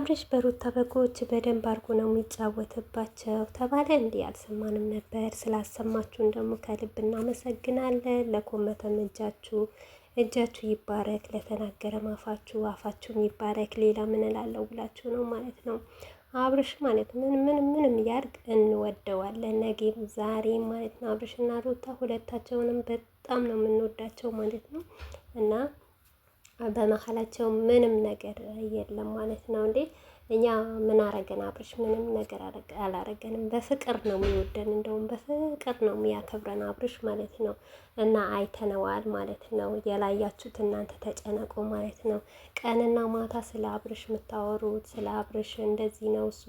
አብረሽ በሩታ በጎች በደንብ አድርጎ ነው የሚጫወትባቸው ተባለ። እንዲህ አልሰማንም ነበር። ስላሰማችሁን ደግሞ ከልብ እናመሰግናለን። ለኮመተም እጃችሁ እጃችሁ ይባረክ፣ ለተናገረ ማፋችሁ አፋችሁም ይባረክ። ሌላ ምን እላለሁ ብላችሁ ነው ማለት ነው። አብርሽ ማለት ምን ምን ምንም ያርግ እንወደዋለን፣ ነገም ዛሬም ማለት ነው። አብርሽና ሩታ ሁለታቸውንም በጣም ነው የምንወዳቸው ማለት ነው እና በመሀላቸው ምንም ነገር የለም ማለት ነው እንዴ። እኛ ምን አረገን? አብርሽ ምንም ነገር አላረገንም። በፍቅር ነው የሚወደን፣ እንደውም በፍቅር ነው የሚያከብረን አብርሽ ማለት ነው። እና አይተነዋል ማለት ነው። የላያችሁት እናንተ ተጨነቁ ማለት ነው። ቀንና ማታ ስለ አብርሽ የምታወሩት ስለ አብርሽ እንደዚህ ነው እሱ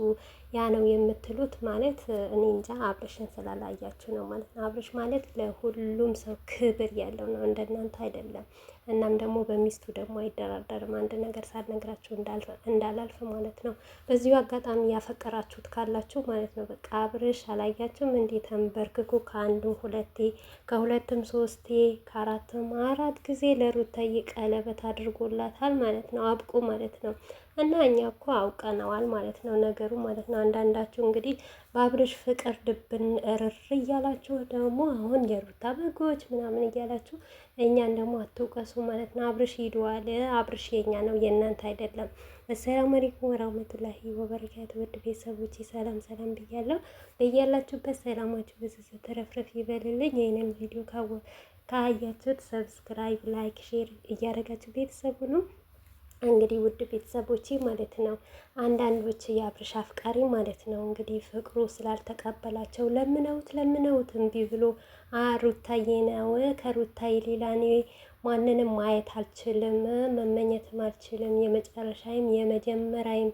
ያ ነው የምትሉት ማለት እኔ እንጃ አብርሽን ስላላያችሁ ነው ማለት ነው። አብርሽ ማለት ለሁሉም ሰው ክብር ያለው ነው፣ እንደናንተ አይደለም። እናም ደግሞ በሚስቱ ደግሞ አይደራደርም። አንድ ነገር ሳልነግራችሁ እንዳላልፍ ማለት ነው። በዚሁ አጋጣሚ ያፈቀራችሁት ካላችሁ ማለት ነው በቃ አብርሽ አላያችሁም እንዴ? ተንበርክኩ ከአንዱ ሁለቴ፣ ከሁለትም ሶስቴ፣ ከአራትም አራት ጊዜ ለሩታዬ ቀለበት አድርጎላታል ማለት ነው። አብቁ ማለት ነው። እና እኛ እኮ አውቀነዋል ማለት ነው ነገሩ ማለት ነው። አንዳንዳችሁ እንግዲህ በአብርሽ ፍቅር ድብን እርር እያላችሁ ደግሞ አሁን የሩታ በጎች ምናምን እያላችሁ እኛን ደግሞ አትውቀሱ ማለት ነው። አብርሽ ሂደዋል። አብርሽ የኛ ነው የእናንተ አይደለም። አሰላሙ አለይኩም ወራህመቱላሂ ወበረካቱ። ውድ ቤተሰቦች ሰላም ሰላም ብያለሁ። በያላችሁበት ሰላማችሁ ብዙ ተረፍረፍ ይበልልኝ። ይህንን ቪዲዮ ካያችሁት ሰብስክራይብ፣ ላይክ፣ ሼር እያደረጋችሁ ቤተሰቡ ነው እንግዲህ ውድ ቤተሰቦቼ ማለት ነው አንዳንዶች የአብርሽ አፍቃሪ ማለት ነው እንግዲህ ፍቅሩ ስላልተቀበላቸው ለምነውት ለምነውት እምቢ ብሎ ሩታዬ ነው ከሩታዬ ሌላ እኔ ማንንም ማየት አልችልም፣ መመኘትም አልችልም፣ የመጨረሻይም የመጀመሪያይም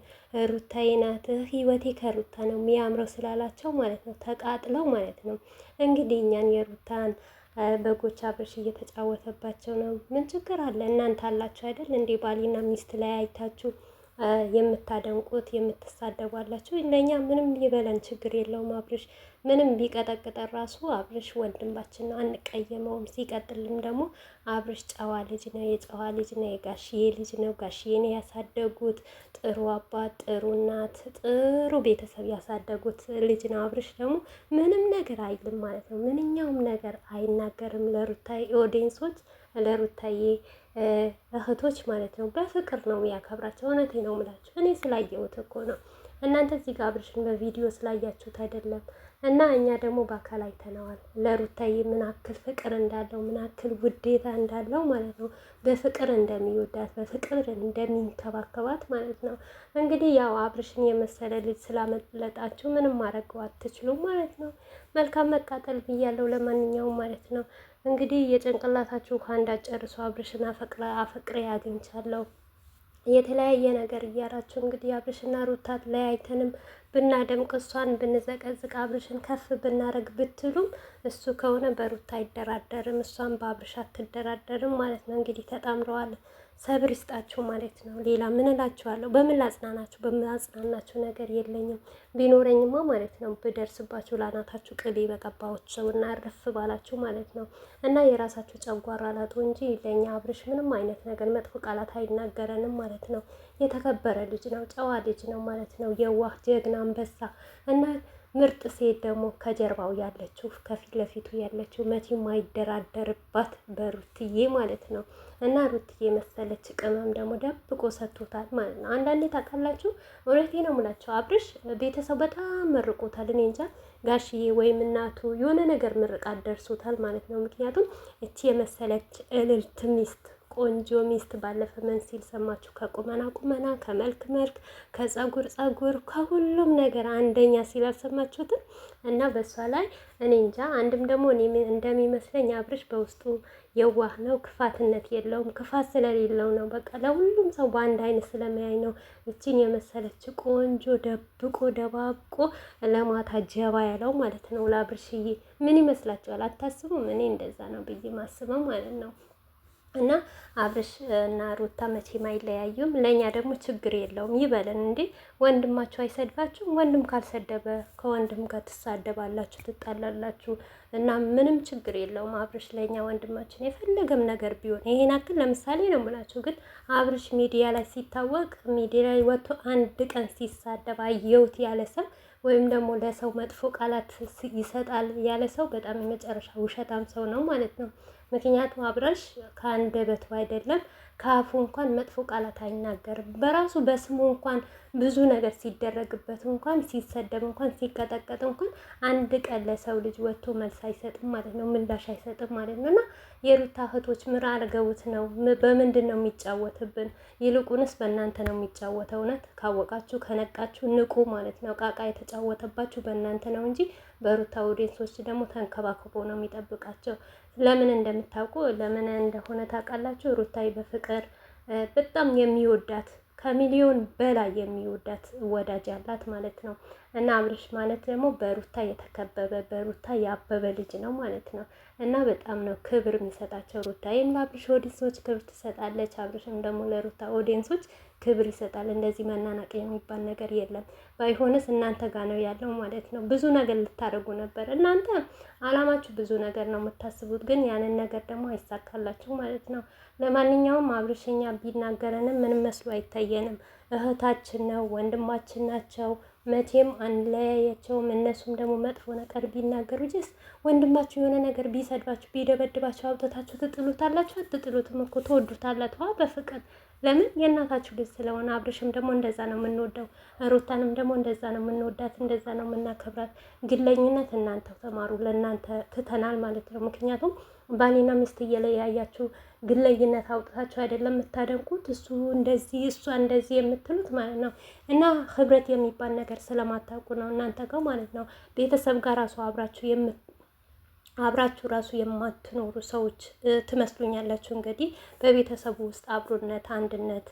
ሩታዬ ናት፣ ህይወቴ ከሩታ ነው የሚያምረው ስላላቸው ማለት ነው ተቃጥለው ማለት ነው እንግዲህ እኛን የሩታን በጎች አብርሽ እየተጫወተባቸው ነው። ምን ችግር አለ? እናንተ አላችሁ አይደል እንዴ ባሊና ሚስት ላይ አይታችሁ የምታደንቁት የምትሳደቧላችሁ፣ ለእኛ ምንም ይበለን ችግር የለውም። አብርሽ ምንም ቢቀጠቅጠን ራሱ አብርሽ ወንድማችን ነው፣ አንቀየመውም። ሲቀጥልም ደግሞ አብርሽ ጨዋ ልጅ ነው፣ የጨዋ ልጅ ነው፣ የጋሽዬ ልጅ ነው። ጋሽዬን ያሳደጉት ጥሩ አባት፣ ጥሩ እናት፣ ጥሩ ቤተሰብ ያሳደጉት ልጅ ነው። አብርሽ ደግሞ ምንም ነገር አይልም ማለት ነው፣ ምንኛውም ነገር አይናገርም። ለሩታ ኦዲየንሶች ለሩታዬ እህቶች ማለት ነው በፍቅር ነው የሚያከብራቸው። እውነቴ ነው ምላቸው። እኔ ስላየሁት እኮ ነው። እናንተ እዚህ ጋር አብርሽን በቪዲዮ ስላያችሁት አይደለም። እና እኛ ደግሞ በአካል አይተነዋል። ለሩታዬ ምን አክል ፍቅር እንዳለው ምን አክል ውዴታ እንዳለው ማለት ነው። በፍቅር እንደሚወዳት በፍቅር እንደሚንከባከባት ማለት ነው። እንግዲህ ያው አብርሽን የመሰለ ልጅ ስላመለጣችሁ ምንም ማድረግ አትችሉም ማለት ነው። መልካም መቃጠል ብያለሁ። ለማንኛውም ማለት ነው እንግዲህ የጭንቅላታችሁ ከአንድ አጨርሶ አብርሽና አፈቅራ አፈቅሬ አግኝቻለሁ የተለያየ ነገር እያላችሁ እንግዲህ አብርሽና ሩታት ለያይተንም ብናደምቅ እሷን ብንዘቀዝቅ አብርሽን ከፍ ብናረግ ብትሉም እሱ ከሆነ በሩታ አይደራደርም፣ እሷን በአብርሽ አትደራደርም ማለት ነው። እንግዲህ ተጣምረዋል። ሰብር ስጣቸው ማለት ነው። ሌላ ምን እላቸዋለሁ? በምን ላጽናናቸው? በምን ላጽናናችሁ ነገር የለኝም። ቢኖረኝማ ማለት ነው ብደርስባቸው ላናታቸው ቅቤ በቀባዎቸው እና እርፍ ባላቸው ማለት ነው። እና የራሳቸው ጨጓራ ላጡ እንጂ ለእኛ አብርሽ ምንም አይነት ነገር መጥፎ ቃላት አይናገረንም ማለት ነው። የተከበረ ልጅ ነው፣ ጨዋ ልጅ ነው ማለት ነው። የዋህ ጀግና አንበሳ እና ምርጥ ሴት ደግሞ ከጀርባው ያለችው ከፊት ለፊቱ ያለችው መቼም አይደራደርባት በሩትዬ ማለት ነው። እና ሩትዬ የመሰለች ቅመም ደግሞ ደብቆ ሰጥቶታል ማለት ነው። አንዳንዴ ታውቃላችሁ፣ እውነቴ ነው የምላቸው አብርሽ ቤተሰብ በጣም መርቆታል። እኔ እንጃ ጋሽዬ ወይም እናቱ የሆነ ነገር ምርቃት ደርሶታል ማለት ነው። ምክንያቱም እቺ የመሰለች እልልት ሚስት ቆንጆ ሚስት ባለፈ መን ሲል ሰማችሁ? ከቁመና ቁመና፣ ከመልክ መልክ፣ ከጸጉር ጸጉር፣ ከሁሉም ነገር አንደኛ ሲል አልሰማችሁትም? እና በእሷ ላይ እኔ እንጃ። አንድም ደግሞ እኔ እንደሚመስለኝ አብርሽ በውስጡ የዋህ ነው። ክፋትነት የለውም። ክፋት ስለሌለው ነው በቃ ለሁሉም ሰው በአንድ አይነት ስለመያኝ ነው። እችን የመሰለች ቆንጆ ደብቆ ደባብቆ ለማታ ጀባ ያለው ማለት ነው። ላብርሽዬ ምን ይመስላችኋል? አታስቡም? እኔ እንደዛ ነው ብዬ ማስበው ማለት ነው። እና አብርሽ እና ሩታ መቼም አይለያዩም። ለእኛ ደግሞ ችግር የለውም ይበለን እንዴ። ወንድማችሁ አይሰድባችሁም? ወንድም ካልሰደበ ከወንድም ጋር ትሳደባላችሁ፣ ትጣላላችሁ እና ምንም ችግር የለውም። አብርሽ ለእኛ ወንድማችን የፈለገም ነገር ቢሆን ይሄን አክል ለምሳሌ ነው የምላችሁ። ግን አብርሽ ሚዲያ ላይ ሲታወቅ ሚዲያ ላይ ወጥቶ አንድ ቀን ሲሳደብ አየሁት ያለ ሰው ወይም ደግሞ ለሰው መጥፎ ቃላት ይሰጣል ያለ ሰው በጣም የመጨረሻ ውሸታም ሰው ነው ማለት ነው። ምክንያቱም አብርሽ ከአንደበቱ አይደለም ከአፉ እንኳን መጥፎ ቃላት አይናገርም። በራሱ በስሙ እንኳን ብዙ ነገር ሲደረግበት እንኳን ሲሰደብ እንኳን ሲቀጠቀጥ እንኳን አንድ ቀን ለሰው ልጅ ወጥቶ መልስ አይሰጥም ማለት ነው፣ ምላሽ አይሰጥም ማለት ነው። እና የሩታ እህቶች ምን አርገውት ነው? በምንድን ነው የሚጫወትብን? ይልቁንስ በእናንተ ነው የሚጫወተው። እውነት ካወቃችሁ ከነቃችሁ ንቁ ማለት ነው። ቃቃ የተጫወተባችሁ በእናንተ ነው እንጂ በሩታ ኦዲየንሶች ደግሞ ተንከባክቦ ነው የሚጠብቃቸው። ለምን እንደምታውቁ ለምን እንደሆነ ታውቃላችሁ። ሩታይ በፍቅር በጣም የሚወዳት ከሚሊዮን በላይ የሚወዳት ወዳጅ ያላት ማለት ነው። እና አብርሽ ማለት ደግሞ በሩታ የተከበበ በሩታ ያበበ ልጅ ነው ማለት ነው። እና በጣም ነው ክብር የሚሰጣቸው ሩታ። ይህም ለአብርሽ ኦዲንሶች ክብር ትሰጣለች፣ አብርሽም ደግሞ ለሩታ ኦዲንሶች ክብር ይሰጣል። እንደዚህ መናናቅ የሚባል ነገር የለም። ባይሆንስ እናንተ ጋር ነው ያለው ማለት ነው። ብዙ ነገር ልታደርጉ ነበር እናንተ። አላማችሁ ብዙ ነገር ነው የምታስቡት፣ ግን ያንን ነገር ደግሞ አይሳካላችሁ ማለት ነው። ለማንኛውም አብርሽኛ ቢናገረንም ምንም መስሎ አይታየንም። እህታችን ነው፣ ወንድማችን ናቸው መቼም አንለያያቸውም። እነሱም ደግሞ መጥፎ ነገር ቢናገሩ ጅስ ወንድማችሁ የሆነ ነገር ቢሰድባችሁ ቢደበድባችሁ አውጥታችሁ ትጥሉታላችሁ? አትጥሉትም እኮ ትወዱታላችሁ በፍቅር ለምን የእናታችሁ ልጅ ስለሆነ። አብርሽም ደግሞ እንደዛ ነው የምንወደው፣ ሩታንም ደግሞ እንደዛ ነው የምንወዳት፣ እንደዛ ነው የምናከብራት። ግለኝነት እናንተ ተማሩ፣ ለእናንተ ትተናል ማለት ነው። ምክንያቱም ባሌና ሚስት እየለያያችሁ ግለኝነት አውጥታችሁ አይደለም የምታደንቁት፣ እሱ እንደዚህ እሷ እንደዚህ የምትሉት ማለት ነው። እና ህብረት የሚባል ነገር ስለማታውቁ ነው እናንተ ጋር ማለት ነው ቤተሰብ ጋር ራሱ አብራችሁ የምት አብራችሁ ራሱ የማትኖሩ ሰዎች ትመስሉኛላችሁ። እንግዲህ በቤተሰቡ ውስጥ አብሮነት፣ አንድነት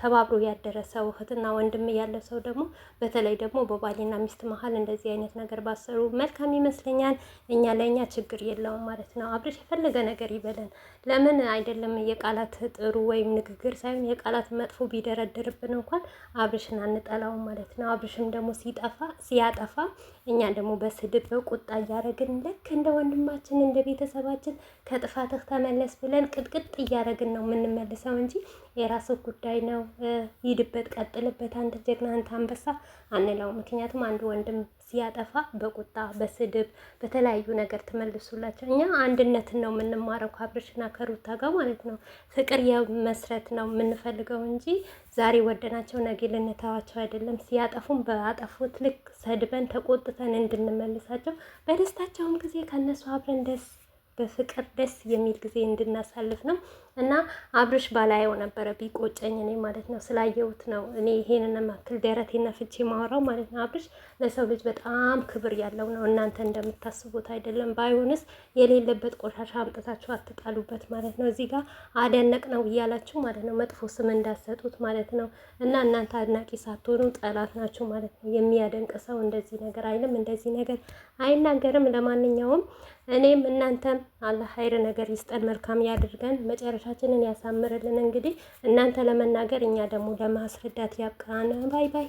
ተባብሮ ያደረ ሰው እህትና ወንድም ያለ ሰው ደግሞ በተለይ ደግሞ በባልና ሚስት መሀል እንደዚህ አይነት ነገር ባሰሩ መልካም ይመስለኛል። እኛ ለእኛ ችግር የለውም ማለት ነው። አብርሽ የፈለገ ነገር ይበለን። ለምን አይደለም የቃላት ጥሩ ወይም ንግግር ሳይሆን የቃላት መጥፎ ቢደረደርብን እንኳን አብርሽን አንጠላውም ማለት ነው። አብርሽም ደግሞ ሲጠፋ ሲያጠፋ እኛ ደግሞ በስድብ በቁጣ እያደረግን ልክ እንደ ወንድማችን እንደ ቤተሰባችን ከጥፋትህ ተመለስ ብለን ቅጥቅጥ እያደረግን ነው የምንመልሰው እንጂ የራስህ ጉዳይ ጉዳይ ነው። ሂድበት፣ ቀጥልበት፣ አንተ ጀግና፣ አንተ አንበሳ አንለው። ምክንያቱም አንድ ወንድም ሲያጠፋ በቁጣ በስድብ በተለያዩ ነገር ትመልሱላቸው። እኛ አንድነትን ነው የምንማረው ከአብርሽና ከሩታ ጋር ማለት ነው። ፍቅር የመስረት ነው የምንፈልገው እንጂ ዛሬ ወደናቸው ነገ ልንተዋቸው አይደለም። ሲያጠፉም በአጠፉት ልክ ሰድበን ተቆጥተን እንድንመልሳቸው፣ በደስታቸውም ጊዜ ከነሱ አብረን ደስ በፍቅር ደስ የሚል ጊዜ እንድናሳልፍ ነው። እና አብርሽ ባላየው ነበረ ቢቆጨኝ እኔ ማለት ነው። ስላየሁት ነው እኔ ይሄንን መክል ደረቴና ፍቼ ማወራው ማለት ነው። አብርሽ ለሰው ልጅ በጣም ክብር ያለው ነው። እናንተ እንደምታስቡት አይደለም። ባይሆንስ የሌለበት ቆሻሻ አምጥታችሁ አትጣሉበት ማለት ነው። እዚህ ጋር አደነቅ ነው እያላችሁ ማለት ነው። መጥፎ ስም እንዳሰጡት ማለት ነው። እና እናንተ አድናቂ ሳትሆኑ ጠላት ናችሁ ማለት ነው። የሚያደንቅ ሰው እንደዚህ ነገር አይልም፣ እንደዚህ ነገር አይናገርም። ለማንኛውም እኔም እናንተም አላህ ሀይር ነገር ይስጠን፣ መልካም ያድርገን መጨረሻ መጨረሻችንን ያሳምርልን። እንግዲህ እናንተ ለመናገር እኛ ደግሞ ለማስረዳት ያብቃን። ባይ ባይ።